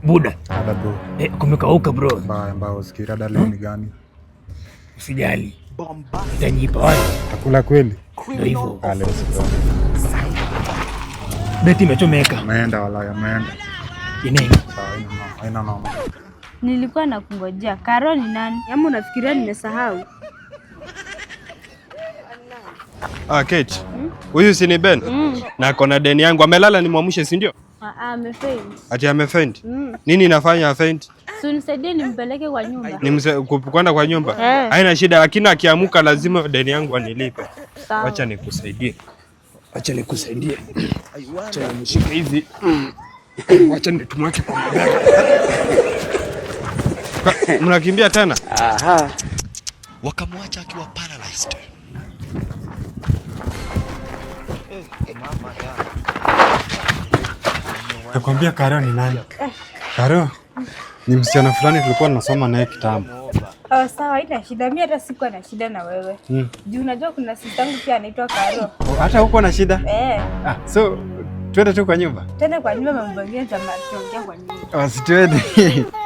Buda ah, Ada bro. eh, kumekauka bro. Mbaya mbaya, usikiri ada leo ni gani? Usijali, nitajipa wapi. Takula kweli? Ndio hivyo. Ah, Beti imechomeka. Ameenda wala ameenda. Inengi. Haina mama. Nilikuwa nakungojea. Karo ni nani? Ama yaani unafikiria nimesahau? Ah, Kate. Hmm? Huyu si ni Ben? Hmm. Na kona deni yangu amelala nimwamshe, si ndio? Ah, ah, Ati amefaint? Mm. Nini nafanya afaint? Si unisaidie nimpeleke kwa nyumba. Kwenda kwa nyumba? Eh. Haina shida lakini akiamka lazima deni yangu anilipe. Acha nikusaidie. Acha nikusaidie. Acha nimshike hivi. Acha nitumwache kwa mabega. Mnakimbia tena? Aha. Wakamwacha akiwa paralyzed. Hey, eh, mama ya. Nakwambia Karo ni nani? Karo ni msichana fulani tulikuwa tunasoma naye kitambo. Oh, sawa, ina shida. Mimi hata sikuwa na shida na wewe. Mm. Juu unajua kuna sister yangu pia anaitwa Karo. Oh, hata huko na shida? Eh. Ah, so twende tu kwa nyumba. Twende kwa nyumba, mambo mengine tutaongea kwa nyumba. Oh, si twende.